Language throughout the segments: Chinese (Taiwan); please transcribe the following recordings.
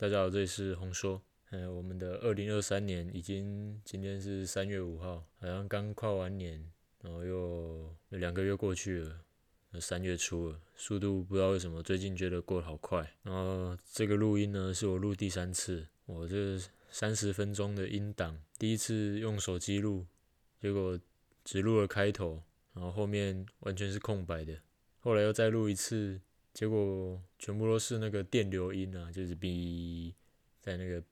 大家好，這裡是紅說。嗯，我們的二零二三年已經，今天是三月五號，好像剛跨完年，然後又兩個月過去了，呃，三月初了。速度不知道為什麼，最近覺得過得好快。然後這個錄音呢，是我錄第三次，我這三十分鐘的音檔，第一次用手機錄，結果只錄了開頭，然後後面完全是空白的。後來又再錄一次。結果全部都是那個電流音啊，就是 B 在那個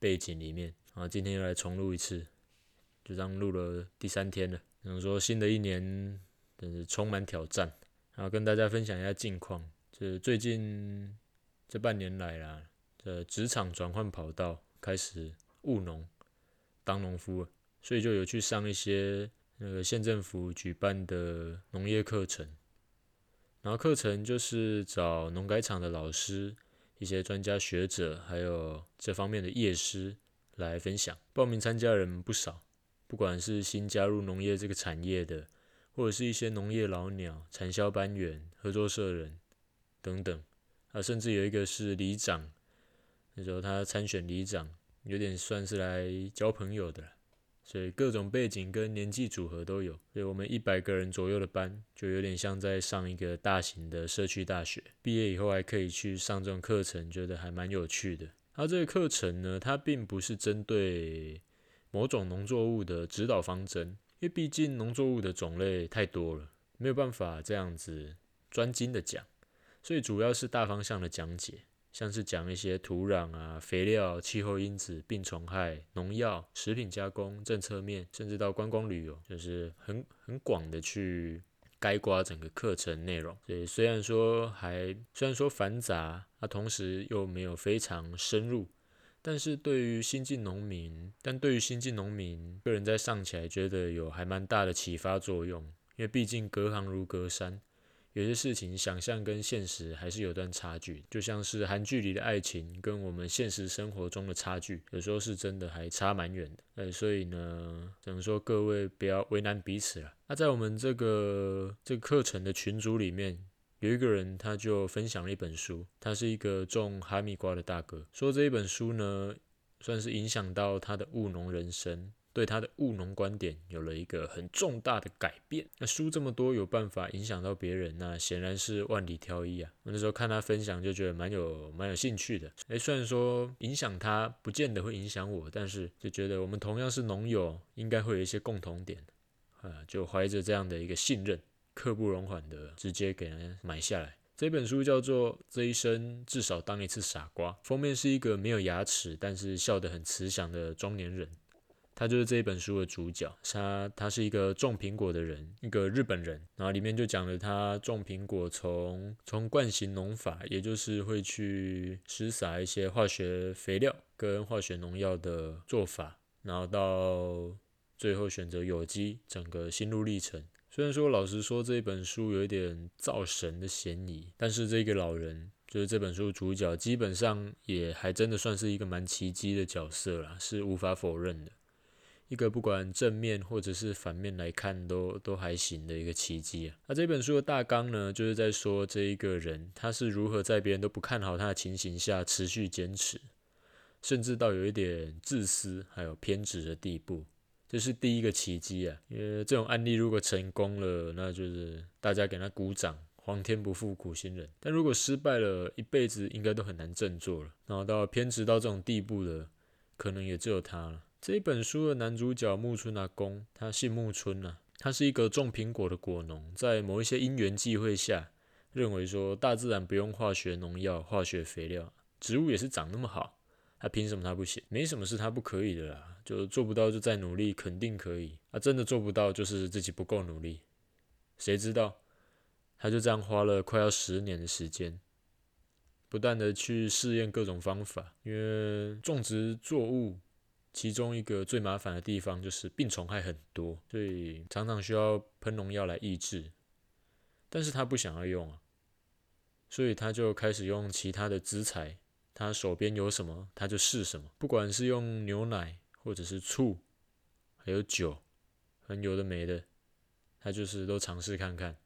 背景裡面。然後今天又來重錄一次，就這樣錄了第三天了。可能說新的一年，真、就是充滿挑戰。然後跟大家分享一下近況，就是最近這半年來啦，這職場轉換跑道，開始務農，當農夫了，所以就有去上一些那個縣政府舉辦的農業課程。然後課程就是找農改場的老師、一些專家學者，還有這方面的業師來分享。報名參加人不少，不管是新加入農業這個產業的，或者是一些農業老鳥、產銷班員、合作社人等等，啊，甚至有一個是里長，那時候他參選里長，有點算是來交朋友的啦。所以各種背景跟年紀組合都有，所以我們一百個人左右的班，就有點像在上一個大型的社區大學。畢業以後還可以去上這種課程，覺得還蠻有趣的。而、啊、這個課程呢，它並不是針對某種農作物的指導方針，因為畢竟農作物的種類太多了，沒有辦法這樣子專精的講，所以主要是大方向的講解。像是講一些土壤啊、肥料、氣候因子、病蟲害、農藥、食品加工、政策面，甚至到觀光旅遊，就是很很廣的去概括整個課程內容。所以雖然說還雖然說繁雜，那、啊、同時又沒有非常深入，但是對於新進農民，但對於新進農民個人在上起來，覺得有還蠻大的啟發作用，因為畢竟隔行如隔山。有些事情想象跟現實還是有段差距，就像是韓劇裡的愛情跟我們現實生活中的差距，有時候是真的還差蠻遠的。呃、欸，所以呢，只能說各位不要為難彼此了。那、啊、在我們這個這個課程的群組裡面，有一個人他就分享了一本書，他是一個種哈密瓜的大哥，說這一本書呢，算是影響到他的務農人生。對他的務農觀點有了一個很重大的改變。那書這麼多，有辦法影響到別人，那顯然是萬里挑一啊。我那時候看他分享，就覺得蠻有蠻有興趣的。誒，雖然說影響他不見得會影響我，但是就覺得我們同樣是農友，應該會有一些共同點啊。就懷着這樣的一個信任，刻不容緩的直接給人買下來。這本書叫做《這一生至少當一次傻瓜》，封面是一個沒有牙齒但是笑得很慈祥的中年人。他就是這一本書的主角，他他是一個種蘋果的人，一個日本人。然後裡面就講了他種蘋果從從慣行農法，也就是會去施撒一些化學肥料跟化學農藥的做法，然後到最後選擇有機，整個心路歷程。雖然說老實說，這一本書有一點造神的嫌疑，但是這個老人就是這本書的主角，基本上也還真的算是一個蠻奇蹟的角色啦，是無法否認的。一個不管正面或者是反面來看都都還行的一個奇蹟啊。那、啊、這本書的大綱呢，就是在說這一個人他是如何在別人都不看好他的情形下持續堅持，甚至到有一點自私還有偏執的地步，這是第一個奇蹟啊。因為這種案例如果成功了，那就是大家給他鼓掌，皇天不負苦心人；但如果失敗了一輩子，應該都很難振作了。然後到偏執到這種地步了，可能也只有他了。這一本書的男主角木村阿公，他姓木村吶、啊，他是一個種蘋果的果農。在某一些因緣際會下，認為說大自然不用化學農藥、化學肥料，植物也是長那麼好，他憑什麼他不行？沒什麼是他不可以的啦，就做不到就再努力，肯定可以。啊，真的做不到就是自己不夠努力。誰知道？他就這樣花了快要十年的時間，不斷的去試驗各種方法，因為種植作物。其中一個最麻煩的地方就是病蟲害很多，所以常常需要噴農藥來抑制。但是他不想要用啊，所以他就開始用其他的食材，他手邊有什麼他就試什麼，不管是用牛奶或者是醋，還有酒，很有的沒的，他就是都嘗試看看。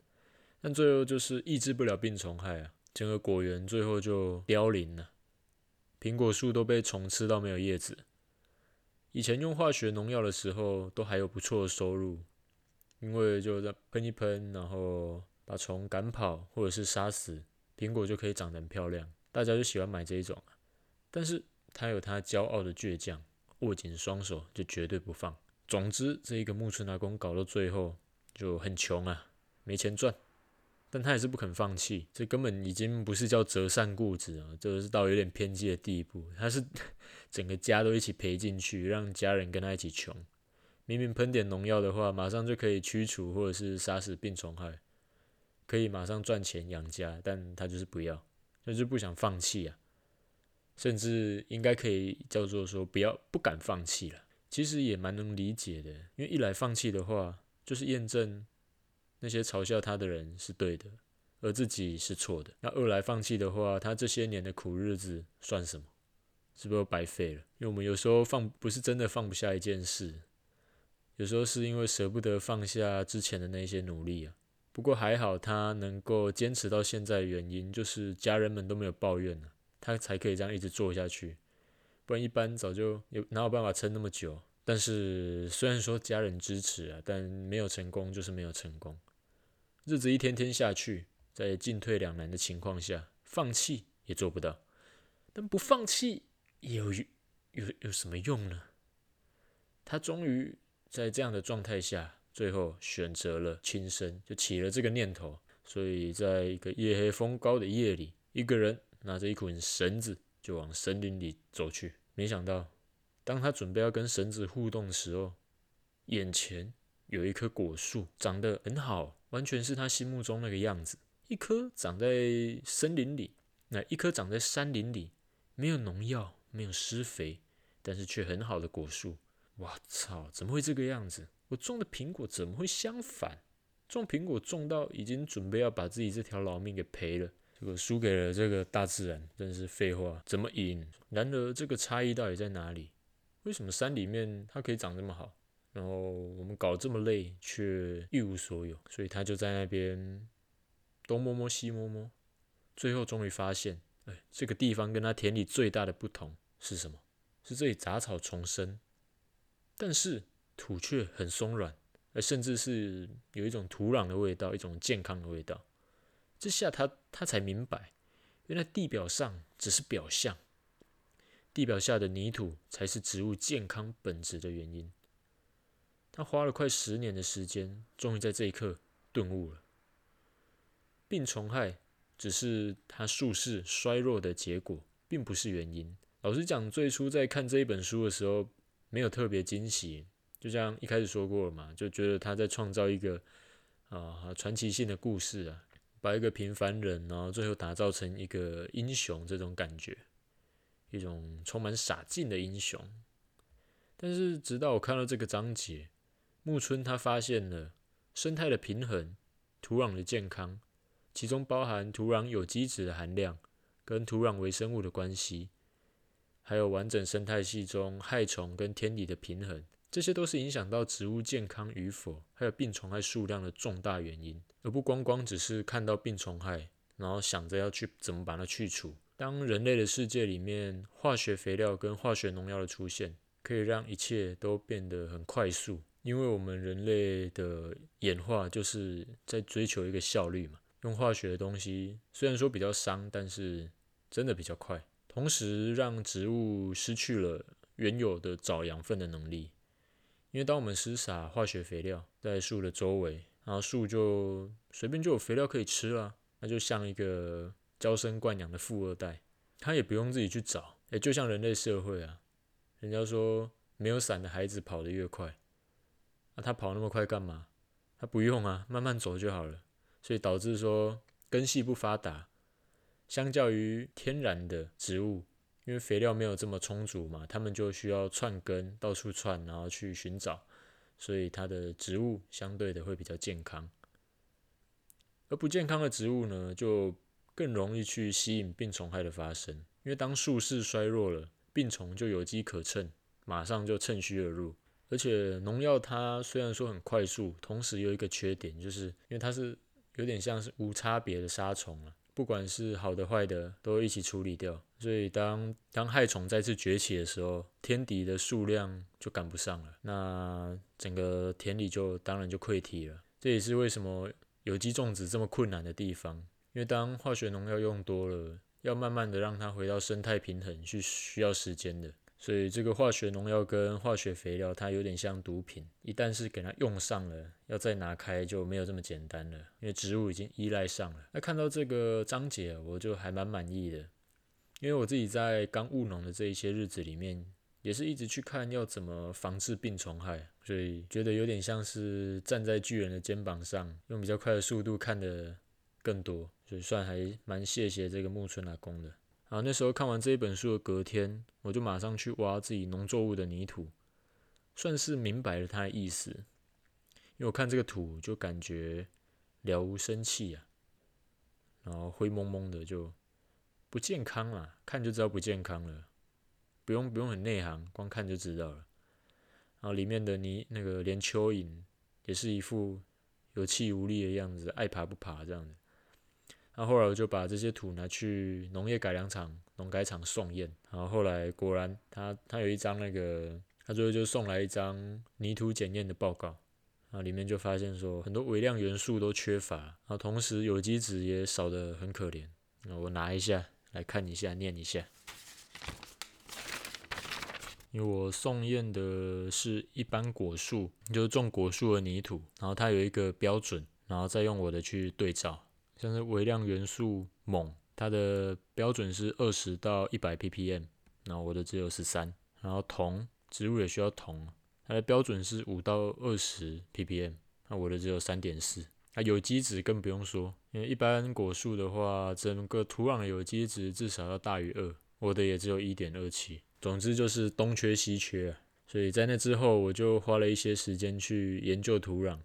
但最後就是抑制不了病蟲害啊，整個果園最後就凋零了，蘋果樹都被蟲吃到沒有葉子。以前用化學農藥的時候，都還有不錯的收入，因為就在噴一噴，然後把蟲趕跑或者是殺死，蘋果就可以長得很漂亮，大家就喜歡買這一種。但是他有他驕傲的倔強，握緊雙手就絕對不放。總之，這一個木村阿公搞到最後就很窮啊，沒錢賺，但他也是不肯放棄。這根本已經不是叫擇善固執啊，就是到有點偏激的地步，他是。整個家都一起賠進去，讓家人跟他一起窮。明明噴點農藥的話，馬上就可以驅除或者是殺死病蟲害，可以馬上賺錢養家，但他就是不要，他就是不想放棄啊。甚至應該可以叫做說，不要不敢放棄了。其實也蠻能理解的，因為一來放棄的話，就是驗證那些嘲笑他的人是對的，而自己是錯的。那二來放棄的話，他這些年的苦日子算什麼？是不是白費了？因為我們有時候放不是真的放不下一件事，有時候是因為捨不得放下之前的那些努力啊。不過還好，他能夠堅持到現在的原因，就是家人們都沒有抱怨啊，他才可以這樣一直做下去。不然一般早就有哪有辦法撐那麼久？但是雖然說家人支持啊，但沒有成功就是沒有成功。日子一天天下去，在進退兩難的情況下，放棄也做不到，但不放棄。有有有什麼用呢？他終於在這樣的狀態下，最後選擇了輕生，就起了這個念頭。所以，在一個夜黑風高的夜裡，一個人拿着一捆繩子就往森林裡走去。沒想到，當他準備要跟繩子互動的時候，眼前有一棵果樹，長得很好，完全是他心目中那個樣子。一棵長在森林裡，那一棵長在山林裡，沒有農藥，沒有施肥，但是卻很好的果樹。我操，怎麼會這個樣子？我種的蘋果怎麼會相反？種蘋果種到已經準備要把自己這條老命給賠了，結果輸給了這個大自然，真是廢話，怎麼贏？然而這個差異到底在哪裡？為什麼山裡面它可以長這麼好，然後我們搞這麼累卻一無所有？所以他就在那邊東摸摸西摸摸，最後終於發現，哎，這個地方跟他田裡最大的不同。是什麼？是這裡雜草叢生，但是土卻很鬆軟，而甚至是有一種土壤的味道，一種健康的味道。這下他他才明白，原來地表上只是表象，地表下的泥土才是植物健康本質的原因。他花了快十年的時間，終於在這一刻頓悟了：病蟲害只是他樹勢衰弱的結果，並不是原因。老實講，最初在看這一本書的時候，沒有特別驚喜。就像一開始說過了嘛，就覺得他在創造一個啊傳奇性的故事啊，把一個平凡人，然後最後打造成一個英雄，這種感覺，一種充滿傻勁的英雄。但是直到我看到這個章節，木村他發現了生態的平衡、土壤的健康，其中包含土壤有機質的含量跟土壤微生物的關係。還有完整生態系中害蟲跟天敵的平衡，這些都是影響到植物健康與否，還有病蟲害數量的重大原因，而不光光只是看到病蟲害，然後想着要去怎麼把它去除。當人類的世界裡面化學肥料跟化學農藥的出現，可以讓一切都變得很快速，因為我們人類的演化就是在追求一個效率嘛，用化學的東西雖然說比較傷，但是真的比較快。同時，讓植物失去了原有的找養分的能力，因為當我們施撒化學肥料在樹的周圍，然後樹就隨便就有肥料可以吃啦，啊，那就像一個嬌生慣養的富二代，他也不用自己去找，哎，就像人類社會啊，人家說沒有傘的孩子跑得越快，啊，那他跑那麼快幹嘛？他不用啊，慢慢走就好了，所以導致說根系不發達。相較於天然的植物，因為肥料沒有這麼充足嘛，它們就需要串根，到處串，然後去尋找，所以它的植物相對的會比較健康。而不健康的植物呢，就更容易去吸引病蟲害的發生。因為當樹勢衰弱了，病蟲就有機可乘，馬上就趁虛而入。而且農藥它雖然說很快速，同時有一個缺點，就是因為它是有點像是無差別的殺蟲了、啊。不管是好的壞的，都一起處理掉。所以當，當當害蟲再次崛起的時候，天敵的數量就趕不上了。那整個田裡就當然就潰堤了。這也是為什麼有機種植這麼困難的地方，因為當化學農藥用多了，要慢慢的讓它回到生態平衡，是需要時間的。所以這個化學農藥跟化學肥料，它有點像毒品，一旦是給它用上了，要再拿開就沒有這麼簡單了，因為植物已經依賴上了。那看到這個章節，我就還蠻滿意的，因為我自己在剛務農的這一些日子裡面，也是一直去看要怎麼防治病蟲害，所以覺得有點像是站在巨人的肩膀上，用比較快的速度看得更多，所以算還蠻謝謝這個木村阿公的。然後那時候看完這一本書的隔天，我就馬上去挖自己農作物的泥土，算是明白了他的意思。因為我看這個土就感覺了無生氣啊，然後灰濛濛的，就不健康啦、啊，看就知道不健康了，不用不用很內行，光看就知道了。然後裡面的泥那個連蚯蚓也是一副有氣無力的樣子，愛爬不爬這樣的。那後來我就把這些土拿去農業改良場，農改場送驗，然後後來果然他他有一張那個，他最後就送來一張泥土檢驗的報告，然後裡面就發現說很多微量元素都缺乏，然後同時有機質也少得很可憐。那我拿一下來看一下，念一下，因為我送驗的是一般果樹，就是種果樹的泥土，然後它有一個標準，然後再用我的去對照。像是微量元素錳，它的標準是二十到一百 ppm，那我的只有十三。然後銅，植物也需要銅，它的標準是五到二十 ppm，那我的只有三點四。那、啊、有機質更不用說，因為一般果樹的話，整個土壤的有機質至少要大於二，我的也只有一點二七。總之就是東缺西缺、啊，所以在那之後，我就花了一些時間去研究土壤。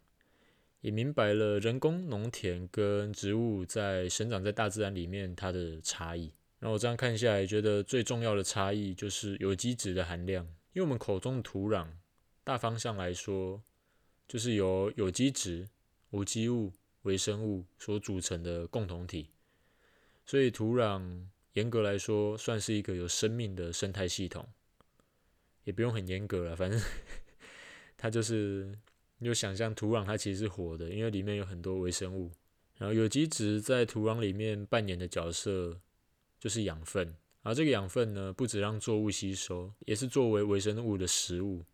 也明白了人工農田跟植物在生長在大自然裡面它的差異。那我這樣看下來，覺得最重要的差異就是有機質的含量。因為我們口中的土壤，大方向來說，就是由有機質、無機物、微生物所組成的共同體。所以土壤嚴格來說算是一個有生命的生態系統。也不用很嚴格了，反正它就是。你就想象土壤它其實是活的，因為裡面有很多微生物。然後有機質在土壤裡面扮演的角色就是養分，然後這個養分呢不止，讓作物吸收，也是作為微生物的食物。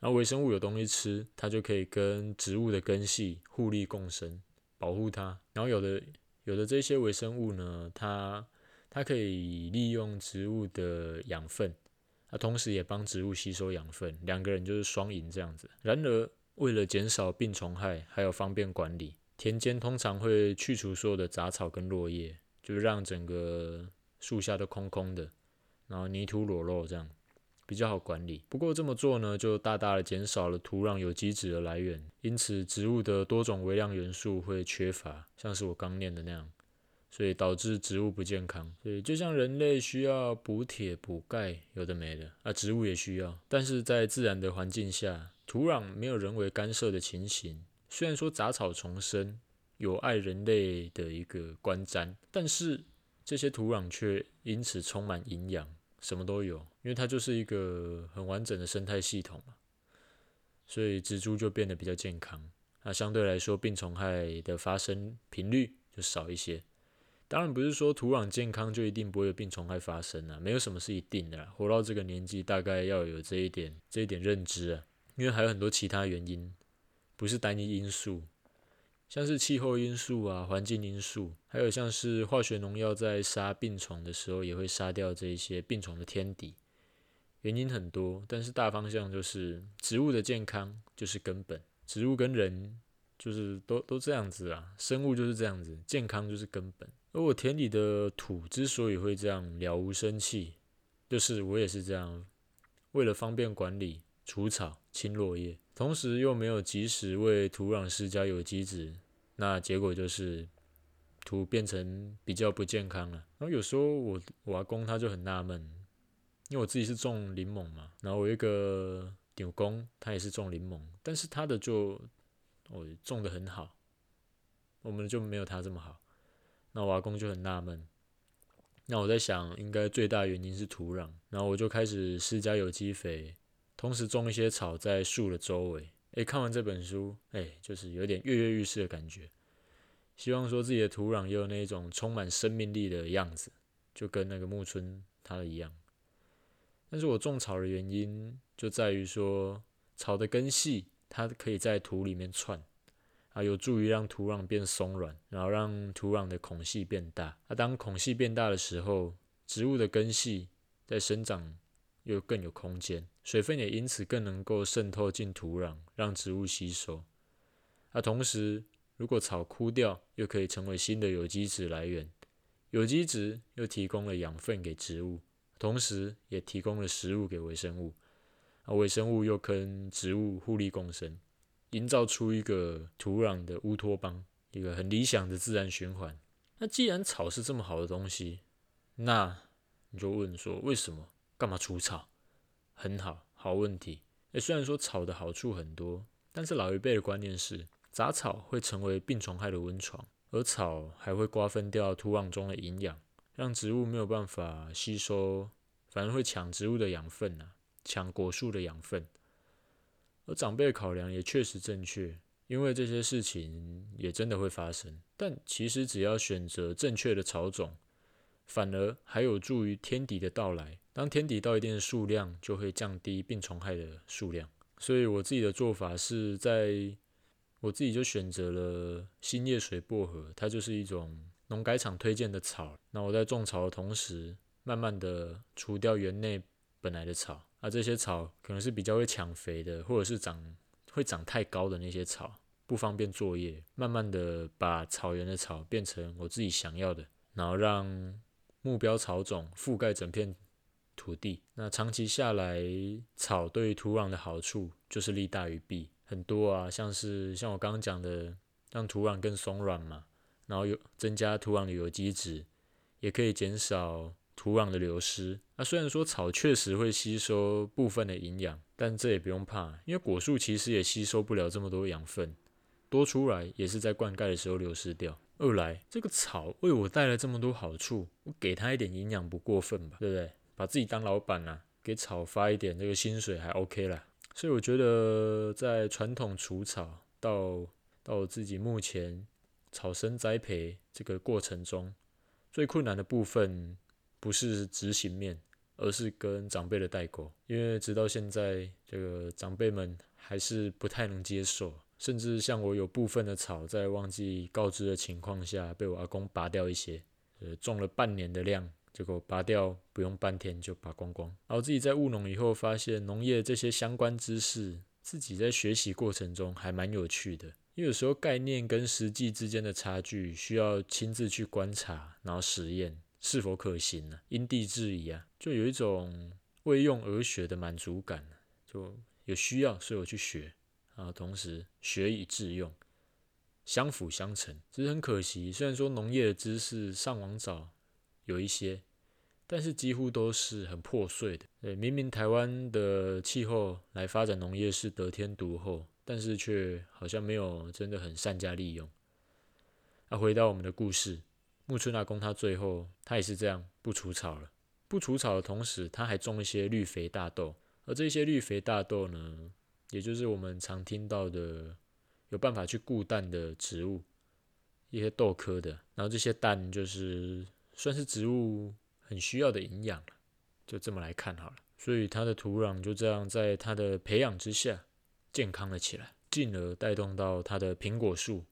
然後微生物有東西吃，它就可以跟植物的根系互利共生，保護它。然後有的有的，這些微生物呢，它它可以利用植物的養分，它同時也幫植物吸收養分，兩個人就是雙贏這樣子。然而。為了減少病蟲害，還有方便管理，田間通常會去除所有的雜草跟落葉，就讓整個樹下都空空的，然後泥土裸露，這樣比較好管理。不過這麼做呢，就大大的減少了土壤有機質的來源，因此植物的多種微量元素會缺乏，像是我剛念的那樣，所以導致植物不健康。所以就像人類需要補鐵、補鈣，有的沒的啊，植物也需要，但是在自然的環境下。土壤沒有人為干涉的情形，雖然說雜草叢生，有礙人類的一個觀瞻，但是這些土壤卻因此充滿營養，什麼都有，因為它就是一個很完整的生態系統嘛，所以植株就變得比較健康，那相對來說病蟲害的發生頻率就少一些。當然不是說土壤健康就一定不會有病蟲害發生啦，沒有什麼是一定的啦。活到這個年紀，大概要有這一點這一點認知啊。因為還有很多其他原因，不是單一因素，像是氣候因素啊、環境因素，還有像是化學農藥在殺病蟲的時候，也會殺掉這些病蟲的天敵。原因很多，但是大方向就是植物的健康就是根本。植物跟人就是都都這樣子啊，生物就是這樣子，健康就是根本。而我田裡的土之所以會這樣了無生氣，就是我也是這樣，為了方便管理。除草、清落葉，同時又沒有及時為土壤施加有機質，那結果就是土變成比較不健康了。然後有時候我我阿公他就很納悶，因為我自己是種檸檬嘛，然後我一個長工他也是種檸檬，但是他的就我、哦、種的很好，我們就沒有他這麼好。那我阿公就很納悶，那我在想應該最大原因是土壤，然後我就開始施加有機肥，同時種一些草在樹的周圍。欸，看完這本書，欸，就是有點躍躍欲試的感覺。希望說自己的土壤也有那種充滿生命力的樣子，就跟那個木村他一樣。但是我種草的原因就在於說，草的根系它可以在土裡面串，啊，有助於讓土壤變鬆軟，然後讓土壤的孔隙變大。啊，當孔隙變大的時候，植物的根系在生長。又更有空間，水分也因此更能夠滲透進土壤，讓植物吸收。啊，同時，如果草枯掉，又可以成為新的有機質來源，有機質又提供了養分給植物，同時也提供了食物給微生物。啊，微生物又跟植物互利共生，營造出一個土壤的烏托邦，一個很理想的自然循環。那既然草是這麼好的東西，那你就問說，為什麼？幹嘛除草？很好，好問題。欸，雖然說草的好處很多，但是老一輩的觀念是，雜草會成為病蟲害的溫床，而草還會瓜分掉土壤中的營養，讓植物沒有辦法吸收，反而會搶植物的養分啊，搶果樹的養分。而長輩考量也確實正確，因為這些事情也真的會發生。但其實只要選擇正確的草種。反而還有助於天敵的到來。當天敵到一定的數量，就會降低病蟲害的數量。所以我自己的做法是在我自己就選擇了新葉水薄荷，它就是一種農改場推薦的草。那我在種草的同時，慢慢地除掉園內本來的草。啊，這些草可能是比較會搶肥的，或者是長會長太高的那些草，不方便作業。慢慢地把草原的草變成我自己想要的，然後讓。目標草種覆蓋整片土地，那長期下來，草對於土壤的好處就是利大於弊，很多啊，像是像我剛剛講的，讓土壤更鬆軟嘛，然後有增加土壤的有機質，也可以減少土壤的流失。那雖然說草確實會吸收部分的營養，但這也不用怕，因為果樹其實也吸收不了這麼多養分。多出來也是在灌溉的時候流失掉。二來，這個草為我帶來這麼多好處，我給它一點營養不過分吧，對不對？把自己當老闆啊，給草發一點這個薪水還 OK 啦。所以我覺得，在傳統除草到到我自己目前草生栽培這個過程中，最困難的部分不是執行面，而是跟長輩的代溝。因為直到現在，這個長輩們還是不太能接受。甚至像我有部分的草，在忘記告知的情況下，被我阿公拔掉一些。呃，種了半年的量，結果拔掉不用半天就拔光光。然後自己在務農以後，發現農業這些相關知識，自己在學習過程中還蠻有趣的。因為有時候概念跟實際之間的差距，需要親自去觀察，然後實驗是否可行呢？啊，因地制宜啊，就有一種為用而學的滿足感。就有需要，所以我去學。啊，同時學以致用，相輔相成。只是很可惜，雖然說農業的知識上網找有一些，但是幾乎都是很破碎的。對，明明台灣的氣候來發展農業是得天獨厚，但是卻好像沒有真的很善加利用。那、啊、回到我們的故事，木村阿公他最後他也是這樣，不除草了。不除草的同時，他還種一些綠肥大豆，而這些綠肥大豆呢？也就是我們常聽到的，有辦法去固氮的植物，一些豆科的，然後這些氮就是算是植物很需要的營養了，就這麼來看好了。所以它的土壤就這樣在它的培養之下健康了起來，進而帶動到它的蘋果樹，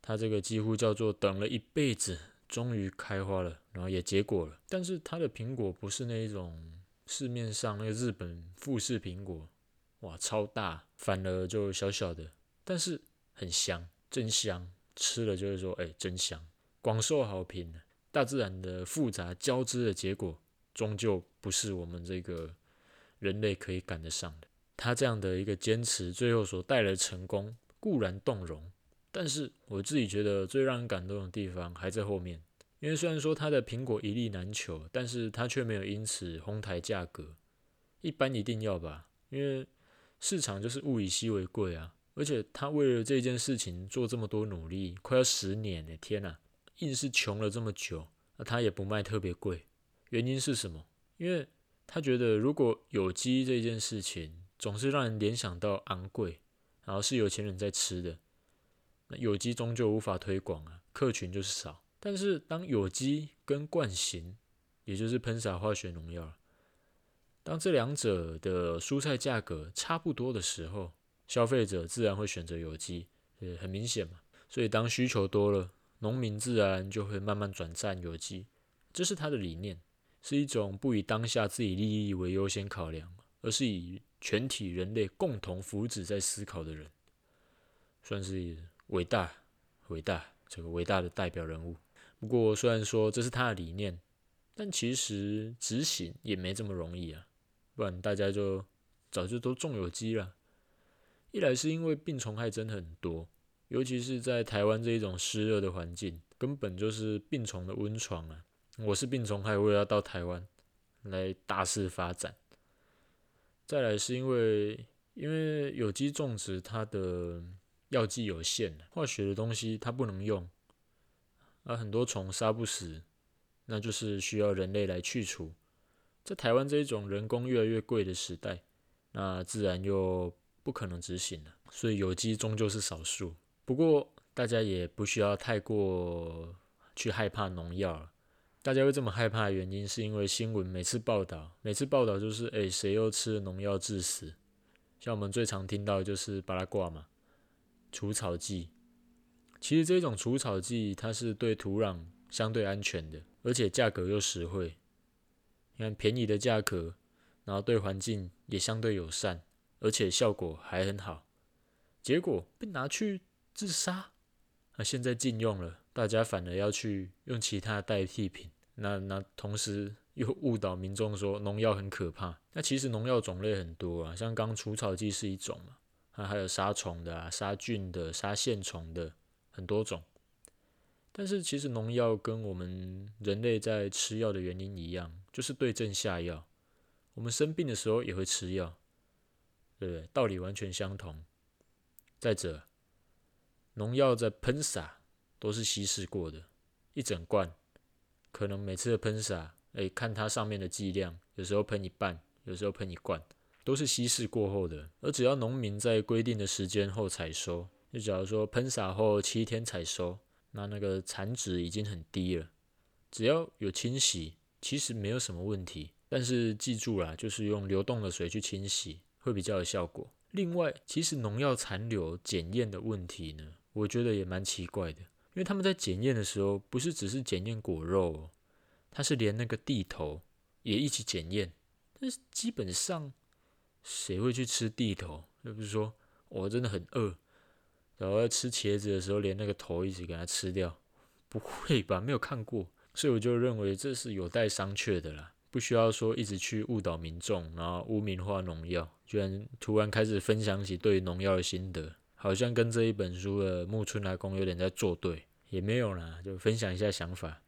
它這個幾乎叫做等了一輩子，終於開花了，然後也結果了。但是它的蘋果不是那一種市面上那個日本富士蘋果。哇，超大，反而就小小的，但是很香，真香，吃了就會說，哎、欸，真香，廣受好評呢。大自然的複雜交織的結果，終究不是我們這個人類可以趕得上的。他這樣的一個堅持，最後所帶來的成功固然動容，但是我自己覺得最讓人感動的地方還在後面。因為雖然說他的蘋果一粒難求，但是他卻沒有因此哄抬價格。一般一定要吧，因為。市場就是物以稀為貴啊，而且他為了這件事情做這麼多努力，快要十年了，天吶，硬是窮了這麼久，他也不賣特別貴，原因是什麼？因為他覺得如果有機這件事情總是讓人聯想到昂貴，然後是有錢人在吃的，那有機終究無法推廣啊，客群就是少。但是當有機跟慣行，也就是噴灑化學農藥了。當這兩者的蔬菜價格差不多的時候，消費者自然會選擇有機。呃，很明顯嘛。所以當需求多了，農民自然就會慢慢轉戰有機。這是他的理念，是一種不以當下自己利益為優先考量，而是以全體人類共同福祉在思考的人，算是偉大、偉大，這個偉大的代表人物。不過，雖然說這是他的理念，但其實執行也沒這麼容易啊。不然大家就早就都種有機了。一來是因為病蟲害真的很多，尤其是在台灣這一種濕熱的環境，根本就是病蟲的溫床啊！我是病蟲害，我也要到台灣來大肆發展。再來是因為，因為有機種植它的藥劑有限，化學的東西它不能用，啊，很多蟲殺不死，那就是需要人類來去除。在台灣這一種人工越來越貴的時代，那自然又不可能執行了。所以有機終究是少數。不過大家也不需要太過去害怕農藥了。大家會這麼害怕的原因，是因為新聞每次報道，每次報道就是哎，欸，誰又吃農藥致死。像我們最常聽到的就是巴拉刈嘛，除草劑。其實這種除草劑它是對土壤相對安全的，而且價格又實惠。你看便宜的價格，然後對環境也相對友善，而且效果還很好。結果被拿去自殺，那、啊、現在禁用了，大家反而要去用其他代替品。那那同時又誤導民眾說農藥很可怕。那其實農藥種類很多啊，像剛剛除草劑是一種嘛，啊、還有殺蟲的、啊、殺菌的、殺線蟲的，很多種。但是其實農藥跟我們人類在吃藥的原因一樣。就是對症下藥。我們生病的時候也會吃藥，對不對？道理完全相同。再者，農藥在噴灑都是稀釋過的，一整罐，可能每次的噴灑，欸，看它上面的劑量，有時候噴一半，有時候噴一罐，都是稀釋過後的。而只要農民在規定的時間後採收，就假如說噴灑後七天採收，那那個產值已經很低了。只要有清洗。其實沒有什麼問題，但是記住啦，就是用流動的水去清洗會比較有效果。另外，其實農藥殘留檢驗的問題呢，我覺得也蠻奇怪的，因為他們在檢驗的時候，不是只是檢驗果肉哦，他是連那個蒂頭也一起檢驗。但是基本上，誰會去吃蒂頭？又不是說我、哦、真的很餓，然後要吃茄子的時候，連那個頭一起給它吃掉？不會吧，沒有看過。所以我就認為這是有待商榷的啦，不需要說一直去誤導民眾，然後污名化農藥。居然突然開始分享起對農藥的心得，好像跟這一本書的木村阿公有點在作對，也沒有啦，就分享一下想法。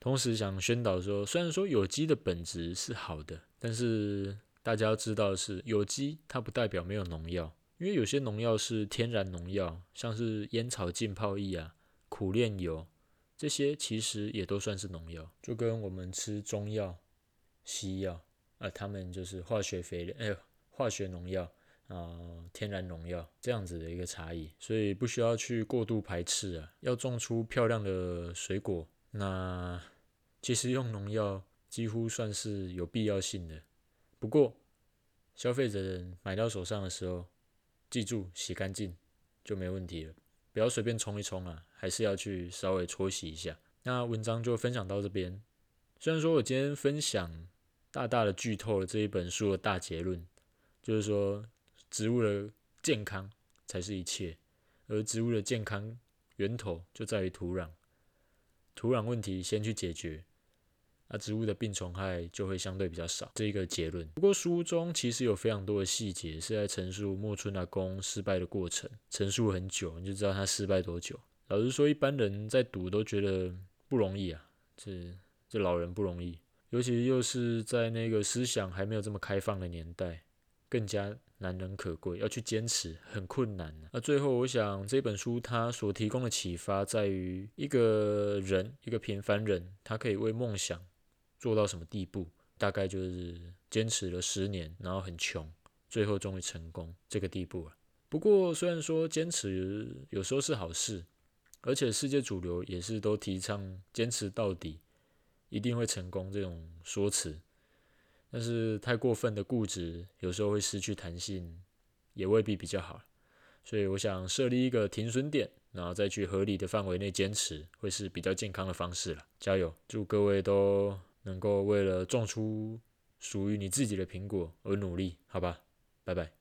同時想宣導說，雖然說有機的本質是好的，但是大家要知道的是，有機它不代表沒有農藥，因為有些農藥是天然農藥，像是菸草浸泡液啊、苦楝油。這些其實也都算是農藥，就跟我們吃中藥、西藥啊，他們就是化學肥料、哎呦，化學農藥啊、呃，天然農藥這樣子的一個差異，所以不需要去過度排斥啊。要種出漂亮的水果，那其實用農藥幾乎算是有必要性的。不過，消費者買到手上的時候，記住洗乾淨就沒問題了。不要隨便沖一沖啊，還是要去稍微搓洗一下。那文章就分享到這邊。雖然說我今天分享大大的劇透了這一本書的大結論，就是說植物的健康才是一切，而植物的健康源頭就在於土壤，土壤問題先去解決。那植物的病蟲害就會相對比較少，這一個結論。不過書中其實有非常多的細節是在陳述木村阿公失敗的過程，陳述很久，你就知道他失敗多久。老實說，一般人在讀都覺得不容易啊，這這老人不容易，尤其又是在那個思想還沒有這麼開放的年代，更加難能可貴，要去堅持很困難、啊。那、啊、最後，我想這本書它所提供的啟發在於，一個人一個平凡人，他可以為夢想做到什麼地步？大概就是堅持了十年，然後很窮，最後終於成功這個地步了。不過，雖然說堅持有時候是好事，而且世界主流也是都提倡堅持到底，一定會成功這種說辭。但是太過分的固執，有時候會失去彈性，也未必比較好。所以我想設立一個停損點，然後再去合理的範圍內堅持，會是比較健康的方式了。加油，祝各位都能夠為了種出屬於你自己的蘋果而努力，好吧，拜拜。